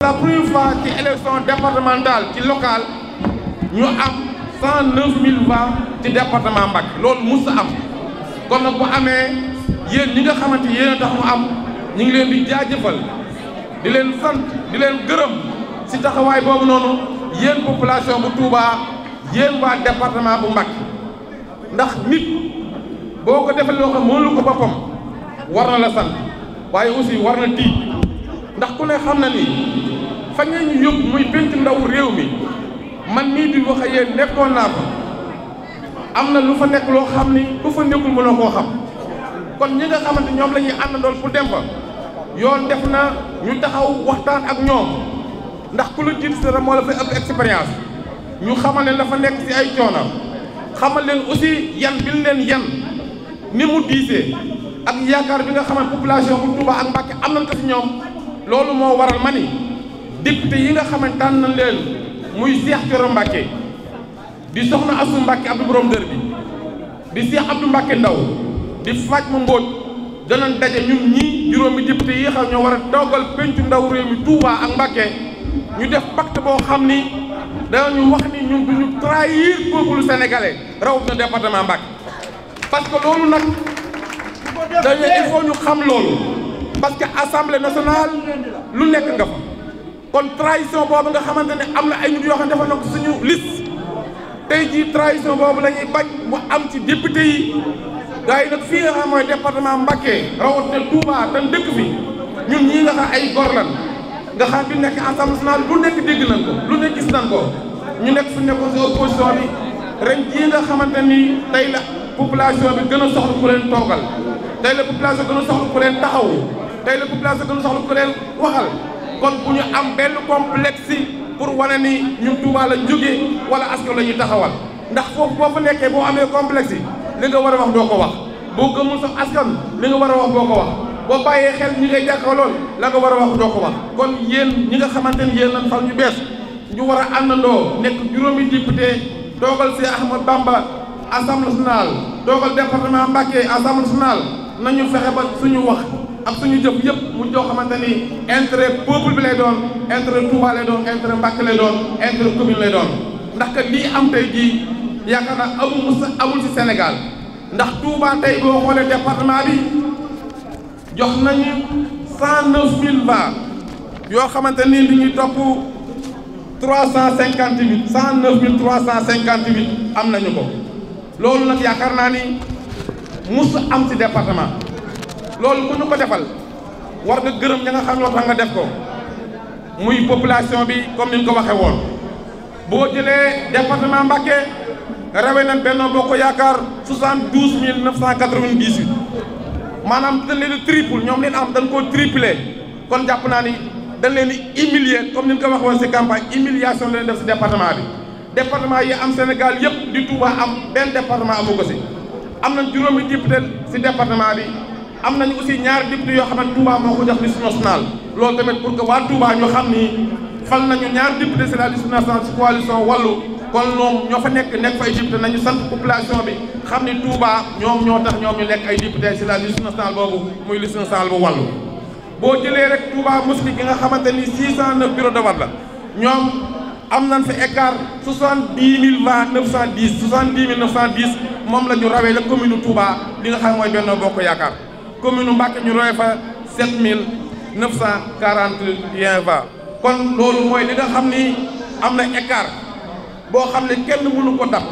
la première fois ci élection ci locale ñu am cent neuf mille voix ci département Mbacké loolu mus am kon nag bu amee yéen ñi nga xamante yéen a tax mu am ñu ngi leen di jëfal di leen sant di leen gërëm si taxawaay boobu noonu yéen population bu Touba yéen waa département bu Mbacké ndax nit boo ko defee loo xam mënul ko boppam war na la sant waaye aussi war na tiit ndax ku ne xam na ni. fa ngeen ñu yóbbu muy pénc ndaw réew mi man mii di wax ak yéen nekkoon naa ko am na lu fa nekk loo xam ni ku fa nekkul mënoo koo xam kon ñi nga xamante ñoom la ñuy àndandoon pour dem fa yoon def na ñu taxaw waxtaan ak ñoom ndax ku la jiit si dara moo la fa ëpp expérience ñu xamal leen dafa nekk si ay coono xamal leen aussi yan bi leen yan ni mu diisee ak yaakaar bi nga xamante population bu Touba ak Mbacké am nañ ko si loolu moo waral mani député yi nga xamantaan tànn nañ leen muy Cheikh Thioro Mbacké di soxna Assou Mbacké Abdou Borom Dër bi di Cheikh Abdou Mbacké Ndaw di Fatma Mbodj danañ daje ñun ñii juróomi député yi xam ñoo war a toggal pencu ndaw réew mi Touba ak Mbacké ñu def pacte boo xam ni danañu wax ni ñun duñu trahir peuple sénégalais rawatina département Mbacké parce que loolu nag dañu il ñu xam loolu parce que assemblée nationale lu nekk nga fa kon trahison boobu nga xamante ne am na ay nit yoo xam ne defal na ko suñu liste tey jii trahison boobu la ñuy bañ am ci député yi gars yi nag fii nga xam mooy département Mbacké rawatina Touba te dëkk bi ñun ñii nga xam ay gor nga xam bi nekk Assemblée nationale lu nekk dégg na ko lu nekk gis nañ ko ñu nekk fu nekkoon si opposition bi ren jii nga xamante ni tey la population bi gën a soxla ku leen toogal tey la population gën a soxla ku leen taxaw tey a soxla ku leen waxal kon bu ñu am benn complexe pour wane ni ñun Touba la jógee wala askan la ñuy taxawal ndax foofu boo fa nekkee boo amee complexe li nga war a wax doo ko wax boo gëmul sax askan li nga war a wax boo ko wax boo bàyyee xel ñi ngay jàkkaarlool la nga war a wax doo ko wax kon yéen ñi nga xamante ni yéen lan fal ñu bees ñu war na àndandoo nekk juróomi député doogal si Ahmad Bamba assemblée nationale doogal département Mbacké assemblée nationale nañu fexe ba suñu wax ak suñu jëf yëpp mu joo xamante ni intérêt peuple bi lay doon intérêt Touba lay doon intérêt Mbàkke lay doon intérêt commune lay doon ndax que lii am tey jii yaakaar naa amul ci Sénégal ndax Touba tey boo bi jox nañu cent neuf mille yoo xamante ni li ñuy topp trois cent cinquante huit cent neuf mille trois cent cinquante huit am nañu ko loolu nag yaakaar naa ni mus am si département loolu ko ñu ko defal war nga gërëm ña nga xam loo nga def ko muy population bi comme ni ñu ko waxee woon boo jëlee département Mbacké rawee nañ Benno Bokk Yaakaar soixante-douze mille neuf cent quatre-vingt-dix-huit maanaam dañ leen di triple ñoom leen am dañ koo triplé kon jàpp naa ni dañ leen di humilier comme ni ñu ko waxee woon campagne humiliation leen def ci département bi département yi am Sénégal yëpp di Touba am benn département amu ko ci am nañ juróomi député si département bi am nañu aussi ñaari député yoo xam ne Touba moo ko jox liste nationale loolu tamit pour que waa Touba ñu xam ni fal nañu ñaari député si la liste nationale si coalition wàllu kon ñoom ñoo fa nekk nekk fa ay nañu sant population bi xam ni Touba ñoom ñoo tax ñoom ñu nekk ay député si la liste nationale boobu muy liste nationale bu wàllu boo jëlee rek Touba Mosquée nga xamante ni 609 bureau de vote la ñoom am nañ fi écart 70 020 moom la ñu rawee la commune Touba li nga xam mooy Yaakaar. commune Mbacke ñu roy fa 7941 va kon loolu mooy li nga xam ni am na écart boo xam ne kenn mënu ko dab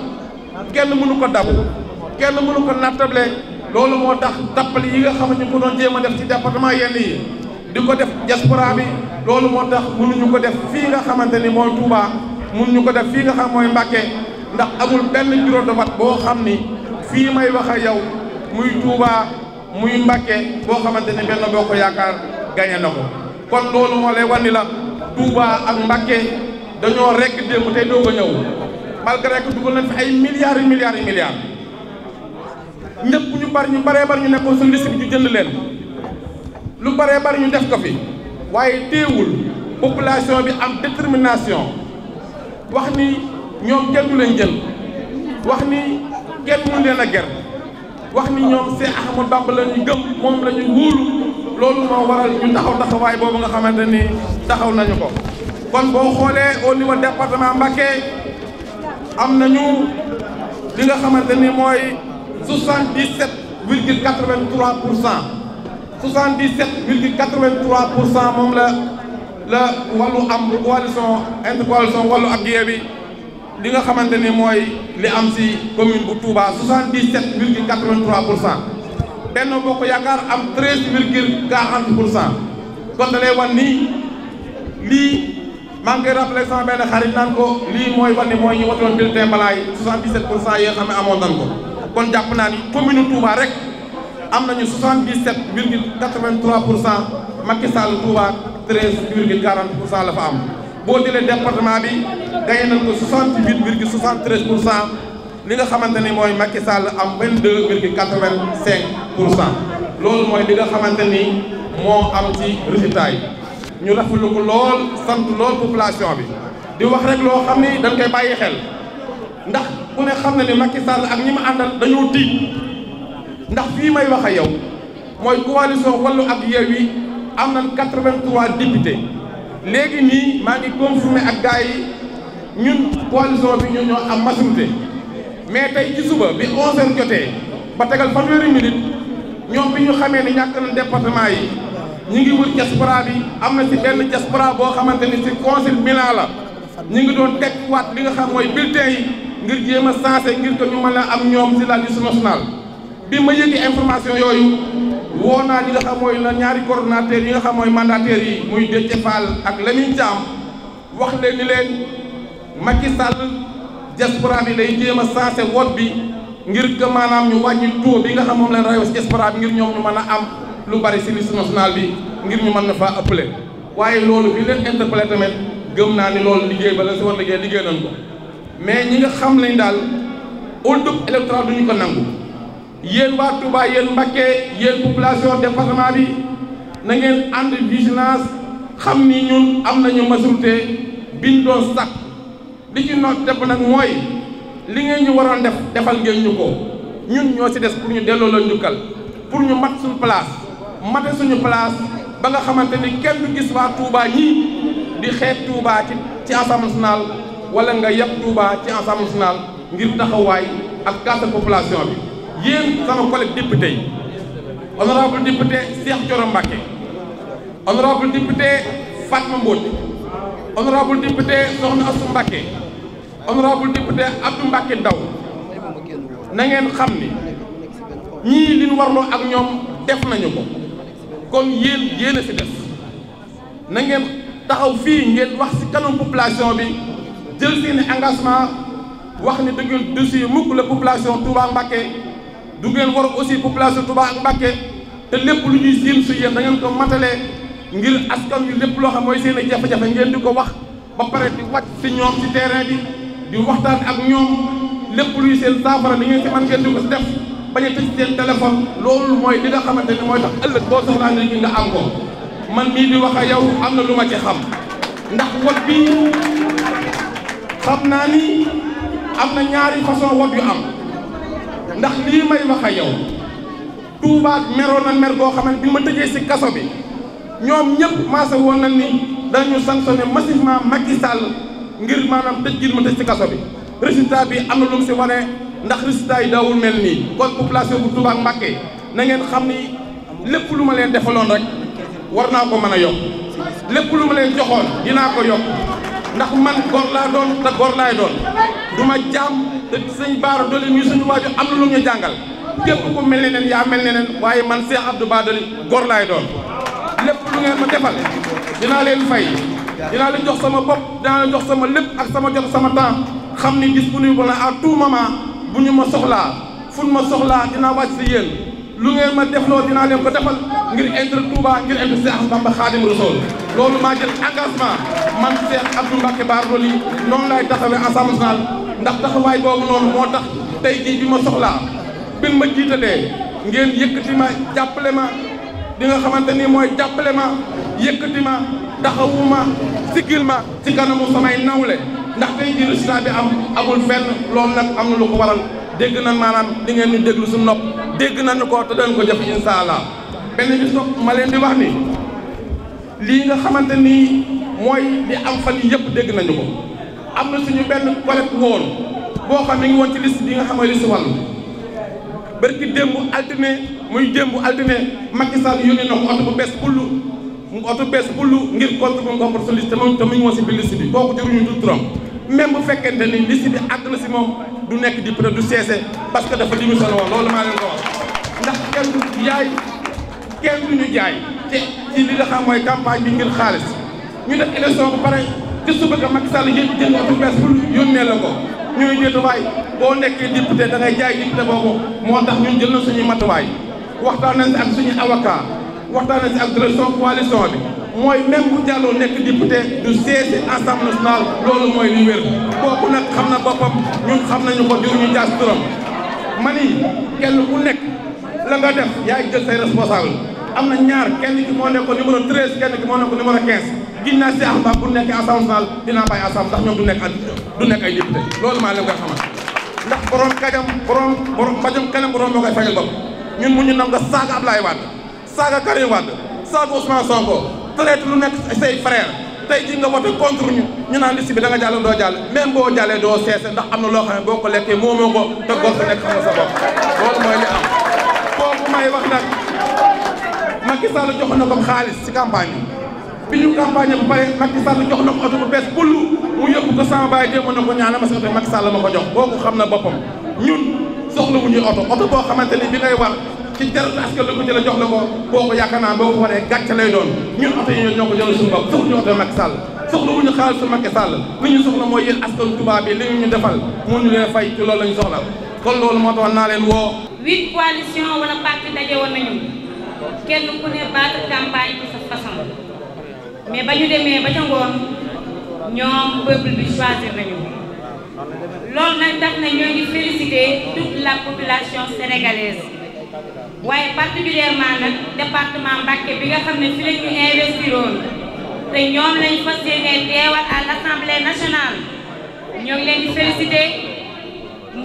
kenn mënu ko dab kenn mënu ko nattable loolu moo tax tappale yi nga xam ne ñu ko doon jéem a def ci département yenn yi di ko def diaspora bi loolu moo tax mënuñu ko def fii nga xamante ni mooy Touba mënuñu ko def fii nga xam mooy Mbacke ndax amul benn bureau de vote boo xam ni fii may wax ak yow muy Touba. muy Mbàkke boo xamante ne Benno ko Yaakaar gañe na ko kon loolu moo lay wane la Touba ak Mbàkke dañoo rekk démb tey doog a ñëw malgré que na nañ ay milliards yu milliards yu milliards ñëpp ñu bari ñu baree bari ñu nekkoon suñu ñu jënd leen lu baree bari ñu def ko fi waaye téewul population bi am détermination wax ni ñoom kenn du leen wax ni kenn mënu a ger wax ni ñoom Seex Ahmadu Bamba la ñu gëm moom la ñu wóolu loolu moo waral ñu taxaw taxawaay boobu nga xamante ni taxaw nañu ko kon boo xoolee au niveau département Mbacké am nañu li nga xamante ni mooy soixante-dix-sept virgule quatre-vingt-trois pour cent soixante-dix-sept virgule quatre-vingt-trois pour cent moom la la wàllu am coalition intercoalition wàllu ak Yewwi li nga xamante ni mooy li am si commune bu Touba 77 virgule 83 pour cent Benno Bokk Yaakaar am 13 virgule 40 pour cent kon da lay wan ni lii maa ngi koy rappelé sama benn xarit naan ko lii mooy wan ni mooy ñu watoon bulletin balaay 77 xam ne amoon nan ko kon jàpp naa ni u Touba rek am nañu 77 virgule 83 pour cent Macky Sall Touba 13 virgule 40 pour la fa am boo jëlee département bi gañe nañ ko 68 virgule 73 pour cent li nga xamante ni mooy Macky Sall am 22 virgule 85 pour cent loolu mooy li nga xamante ni moo am ci résultat ñu rafetlu ko lool sant lool population bi di wax rek loo xam ni dañ koy bàyyi xel ndax ku ne xam na ni Macky Sall ak ñi ma àndal dañoo tiit ndax fii may wax a yow mooy coalition Wallu ak Yewwi am na 83 députés léegi nii maa ngi confirmé ak gars yi ñun coalition bi ñu ñoo am maturité mais tey ci suba bi 11h jotee ba tegal fanweeri minute ñoom bi ñu xamee ne ñàkk na département yi ñu ngi wër diaspora bi am na ci benn diaspora boo xamante ni ci conseil Milan la ñu ngi doon teg waat li nga xam mooy bulletin yi ngir jéem a sensé ngir que a am ñoom ci la liste nationale. bi ma yëgi information yooyu woo naa ni nga xam mooy la ñaari coordonnateurs yi nga xam mooy mandataires yi muy Déthié Fall ak Lamine Thiam wax leen ni Macky Sall diaspora bi day jéem a sensé woot bi ngir que ñu ñu wàññi taux bi nga xam moom leen rayo si bi ngir ñoom ñu mën a am lu bari si liste nationale bi ngir ñu mën na faa ëppale waaye loolu bi leen interpellé tamit gëm naa ni loolu liggéey ba la si war liggéey liggéey nañ ko mais ñi nga xam lañ daal hold-up électoral duñu ko nangu yéen waa Touba yéen Mbacké yéen population département bi na ngeen ànd vigilance xam ni ñun am nañu ma biñ doon sàkk li ci noot teb nag mooy li nga ñu waroon def defal ngeen ñu ko ñun ñoo si des pour ñu delloo la kal pour ñu mat suñu place mate suñu place ba nga xamante ni kenn du gis waa Touba ñii di xeet Touba ci ci Assemblée nationale wala nga yab Touba ci Assemblée nationale ngir taxawaay ak carte population bi yéen sama collègue député yi honorable député Cheikh Thioro Mbacké honorable député Fatma Mbodj honorable député Soxna Astou Mbacké honorable député Abdou Mbacké Ndaw na ngeen xam ni ñii li ñu warloo ak ñoom def nañu ko kon yéen yéen a si des ngeen taxaw fii ngeen wax si kanam population bi jël seeni engagement wax ni da ngeen dossier mukk la population Touba Mbacké du ngeen war aussi population Touba ak Mbacké te lépp lu ñuy siim su yéen da ngeen ko matalee ngir askan wi lépp loo xam mooy seen i jafe-jafe ngeen ko wax ba pare di wàcc si ñoom ci terrain bi di waxtaan ak ñoom lépp luy seen saafara li ngeen si mën ngeen di ko si def bañ a tëj seen téléphone loolu mooy li nga xamante ni mooy tax ëllëg boo soxlaa nit ñi nga am ko man mii di wax ak yow am na lu ma ci xam ndax wot bii xam naa ni am na ñaari façon wot yu am ndax lii may wax ak yow Touba meroon na mer goo xamante bi ma tëjee si kaso bi ñoom ñëpp maase woon nañ ni dañu sanctionné massivement Macky Sall ngir maanaam tëj gi mu tëj ci kaso bi résultat bi am na lu mu si wane ndax résultat yi daawul nii kon population bu Touba ak Mbacké na ngeen xam ni lépp lu ma leen defaloon rek war naa ko mën a yokk lépp lu ma joxoon dinaa ko yokk ndax man góor laa doon te góor laay doon du ma jaam te sëñ Baara Doli mii suñu waaju am na lu ñu jàngal képp ku mel ne neen yaa mel ne neen waaye man Cheikh Abdou Bara Doli góor laay doon lépp lu ngeen ma defal dinaa leen fay dinaa leen jox sama bopp dinaa leen jox sama lépp ak sama jot sama temps xam ni disponible na à tout moment bu ñu ma soxlaa fu ma soxlaa dinaa wàcc si yéen lu ngeen ma defloo dinaa leen ko defal ngir intérêt Touba ngir intérêt Seex Ahmadu Bamba Xaadimu Rasuul loolu maa jël ma man Seex Abdou Mbacke Bara Dolly noonu laay taxawee Assemblée nationale ndax taxawaay boobu noonu moo tax tey jii bi ma soxlaa bin ma jiitalee ngeen yëkkati ma jàppale ma di nga xamante ni mooy jàppale ma yëkkati ma taxawu ma siggil ma ci kanamu samay nawle ndax tey jii résultat bi am amul fenn lool nag am na lu ko waral dégg na maanaam di ngeen ñu déglu su nopp dégg na nañu ko te doon ko jëf incha allah benn bi soog ma leen di wax ni lii nga xamante ni mooy di am fan yii yëpp dégg ñu ko am na suñu benn collègue woon boo xam ne ngi woon ci liste bi nga xam ne liste wàllu barki démb altine muy démb altine Macky Sall yónnee na ko oto bu bees bullu oto bees bullu ngir contre bu mu contre su liste te moom te mu ngi woon si biir liste bi kooku jëruñu du turam même bu fekkente ni liste bi àgg na si moom du nekk di pré du cessé parce que dafa démissionné woon loolu maa leen ko wax ndax kenn du kenn du ñu jaay te ci li nga xam mooy campagne bi ngir xaalis ñu def élection bu pare te su bëgg Macky Sall yéen jënd oto bees bullu yónnee la ko ñooy ñetti boo nekkee député da ngay jaay député boobu moo tax ñun jël na suñu matuwaay waxtaan nañ si ak suñu avocat waxtaan nañ si ak direction coalition bi mooy même bu u nekk député du siège assemblée nationale loolu mooy li wér kooku nag xam na boppam ñun xam nañu ko jur ñu jaas turam ma ni kenn ku nekk la nga def yaay jël say responsable am na ñaar kenn ki moo nekkoon numéro 13 kenn ki moo nekkoon numéro 15 gis naa si Axma bu nekkee assemblée nationale dinaa bàyyi assemblée ndax ñoom nekk at nekk ay député ndax borom kajam borom borom fajam kanam borom moo ñun mu ñu nangu nga saaga Ablaye Wade saaga Karim Wade saaga Ousmane Sonko traité lu nekk say frère tey ji nga wote contre ñu ñu naan liste bi da nga jàll doo jàll même boo jàllee doo seese ndax am na loo xam ne boo ko lekkee moo moo ko te góor sa nekk xam nga sa bopp loolu mooy li am kooku may wax nag Macky Sall joxoon ko xaalis si campagne bi bi ñu campagne ba pare Macky Sall jox na ko oto bu bees bull mu yóbbu ko sama baay na ko ñaana ma si oto Macky Sall ma ko jox kooku xam na boppam ñun soxla wu ñuy oto oto boo xamante ni bi ngay war ci jar askan la ko jëlee jox la ko kooku yaakaar naa boo ko waree gàcce lay doon ñun oto yi ñoo ko jëlee suñu bopp ñu oto Macky Sall soxla wu ñu xaalis su Macky Sall ñu soxla mooy yéen askan Touba bi li ñu ñu defal mun ñu leen fay ci ñu soxla moo tax naa leen woo huit mais ba ñu demee ba ca ngoon ñoom peuple bi choisir nañu loolu nag tax na ñoo ngi féliciter toute la population sénégalaise waaye particulièrement nag département Mbacké bi nga xam ne fi la ñu investiroon te ñoom lañ fas yéenee teewal à l'Assemblée nationale ñoo leen di féliciter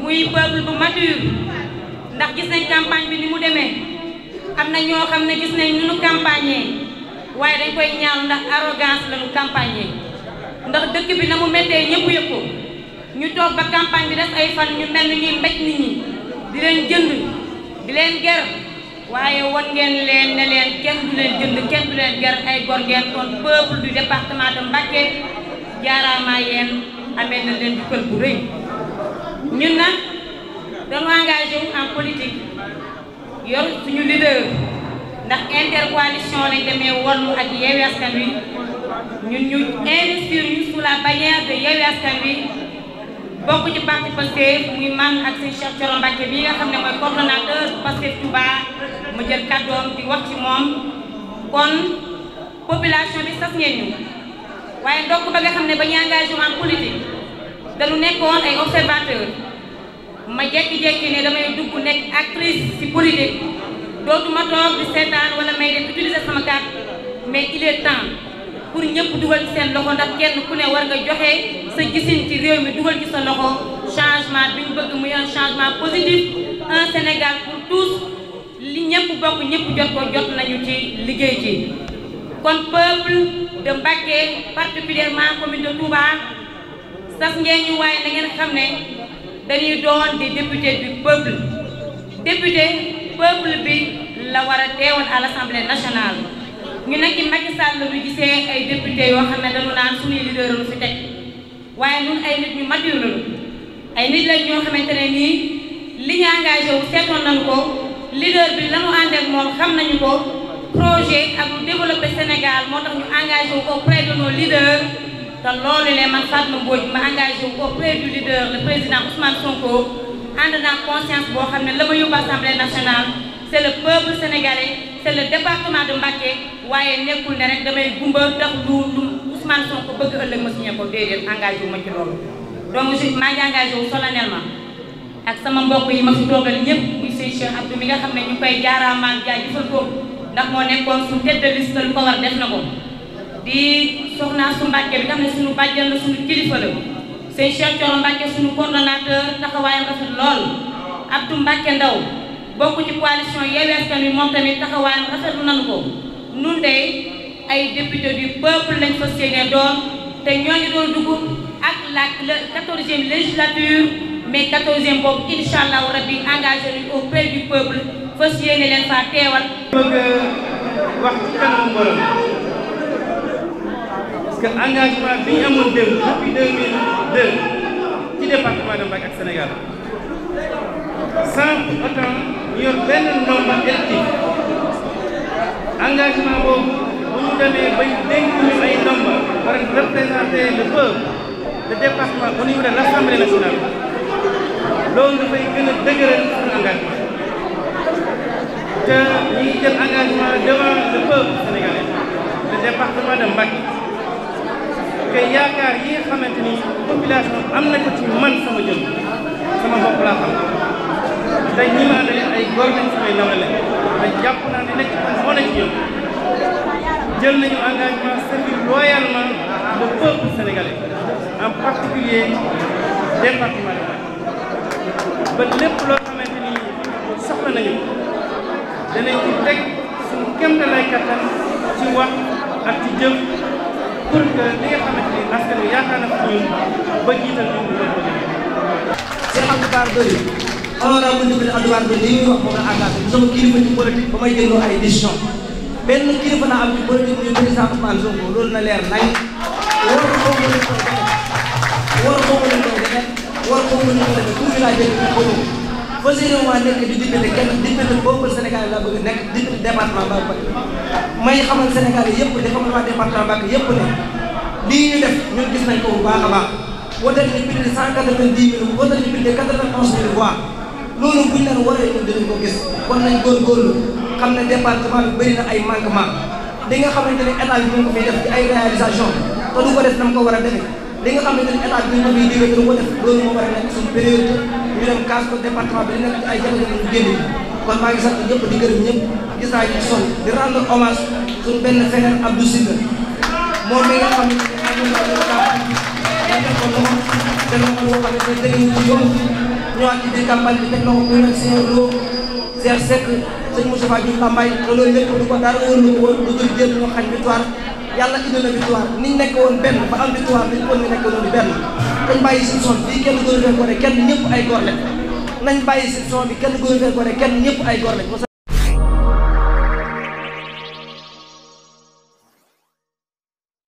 muy peuple bu mature ndax gis nañ campagne bi ni mu demee am na ñoo xam ne gis nañ nu nu waaye dañ koy ñaaw ndax arrogance lañu campagne ndax dëkk bi na mu méttee ñëpp yëg ko ñu toog ba campagne bi des ay fan ñu mel ni ñuy mbéj nit ñi di leen jënd di leen ger waaye won ngeen leen ne leen kenn du leen jënd kenn du leen ger ay gor ngeen kon peuple du département de Mbacké na leen jukkal bu rëy ñun nag dañu engagé wu en politique yor suñu leader ndax intercoalition lañ demee Wallu ak Yewwi Askan Wi ñu investir ñu la bannière de Yewwi Askan bokk ci parti Pastef muy man ak sëñ Cheikh Thioro bi nga xam ne mooy coordonnateur Pastef Touba mu jël kàddoom di wax ci moom kon population bi sas ngeen ñu waaye ndokk ba nga xam ne ba ñu engagement politique nekkoon ay observateur ma jekki-jekki ne damay dugg nekk actrice ci politique dootuma toog di seetaan wala may def utiliser sama carte mais il temps pour ñëpp dugal ci seen loxo ndax kenn ku ne war nga joxe sa gisin ci réew mi dugal ci sa loxo changement bi ñu bëgg muy un changement positif un Sénégal pour tous li ñëpp bokk ñëpp jot ko jot nañu ci liggéey ci kon peuple de Mbacké particulièrement commune de Touba sas ngeen ñu waaye na xam ne dañuy doon des députés du peuple député peuple bi la war a teewal à l'Assemblée nationale ñu nag ci la ñu gisee ay député yoo xam ne dañu naan suñuy leader fi teg waaye ñun ay nit ñu mature lañu ay nit lañ ñoo xamante ne nii li ñu engagé wu seetoon nañu ko leader bi la mu ànd ak moom xam nañu ko projet ak lu développé Sénégal moo tax ñu engagé wu auprès de nos te loolu ne man Fatma Mbodj ma engagé wu auprès du leader le président Ousmane Sonko. ànd naa conscience boo xam ne la ma yóbbu assemblée nationale c' est le peuple sénégalais c' département de Mbacké waaye nekkul ne rek damay gumba tax lu lu Ousmane Sonko bëgg ëllëg ma signé ko déedéet engagé wu ma ci loolu. donc je maa ngi engagé wu solennellement ak sama mbokk yi ma fi toogal ñëpp muy sëñ Cheikh Abdou nga xam ne ñu koy jaaraamaal jaajëfal ko ndax moo nekkoon suñu tête de liste lu ko war def na ko di soxnaa su Mbacké bi nga xam ne la suñu kilifa sëñ Cheikh Thioro Mbacke suñu coordonnateur taxawaayam rafet lool Abdou Mbacke Ndaw bokk ci coalition Yewwi Askan Wi moom tamit taxawaayam rafetlu nañu ko nun de ay député du peuple lañ fas yéene doon te ñooñu doon dugg ak la quatorzième législature mais quatorzième boobu incha allah rabbi engagé nañu auprès du peuple fas yéene leen faa teewal. bëgg wax ci kanamu borom. que engagement bi ñu amoon démb depuis 2002 ci département de Mbacké ak Sénégal sans pour autant ñu yor benn nombre électif engagement boobu bu ñu demee bay dénk ñu ay nombre war a représenter le peuple le département au niveau de l'Assemblée nationale loolu dafay gën a dëgëral suñu engagement te ñu ngi jël engagement devant le peuple sénégalais le département de Mbacké te yaakaar yi xamante ni population am na ko ci man sama jëm sama bopp laa xam te ñi ma àndal ay góor samay nawle la te jàpp naa ne nekk moo ne ci jël nañu engagement servir loyalement le peuple sénégalais en particulier département de ba lépp loo xamante ni soxla nañu danañ ci teg suñu kéemtalaay kattan ci wax ak ci jëm. pour que li nga xamante ni askan wi yaakaar na ko ñun ba jiital ñun ñu doon ko jëfee. Cheikh Abdou Bara Dolly honorable député Abdou Bara Dolly li muy wax moom la engagé bi sama kilifa ci politique ba may dégloo ay décision benn kilifa naa am ci politique muy président Ousmane Sonko loolu na leer nañ war ko ko leen ko war ko ko leen ko defee war ko ko leen ko defee pour ñu laa jël ko ko fas yéene waa nekk di diggante kenn diggante boobu Sénégal laa bëgg nekk diggante département ba may xamal Sénégal yëpp di xamal waa département Mbacké yëpp ne lii ñu def ñun gis nañ ko bu baax a baax wote nañu plus de cent quatre-vingt-dix mille wote nañu plus de quatre-vingt-onze mille voix loolu buñ ko gis war nañ góorgóorlu xam ne département bi bëri na ay manquement li nga xamante ne état bi ñu ko fay def ci ay réalisation te du ko def na mu ko war a defee li nga xamante ne état bi ñu ko fiy diwee du ko def loolu moo war a nekk suñu période ñu ñu kon maa ngi sant ñëpp di gërëm ñëpp gis naa ñu sonn di rendre hommage suñu benn frère Abdou Sida moom mi nga xam ne amul wàllu campagne bi ñu ko noonu danañ ko waxal te dëgg ci yomb ñëwaat ci biir campagne bi teg na ko muy nag sëñ Lo Zer Seck sëñ Moustapha Diouf Lambaye te loolu lépp du ko dara wóor ñu woon lu jël jël ñu xañ victoire yàlla na victoire ni ñu nekk woon benn ba am victoire bi nekk woon benn. dañ bàyyi suñu sonn fii kenn góor leen ko ne kenn ay góor leen nañ bàyyi section bi kenn gouverneur ko ne kenn ñëpp ay góor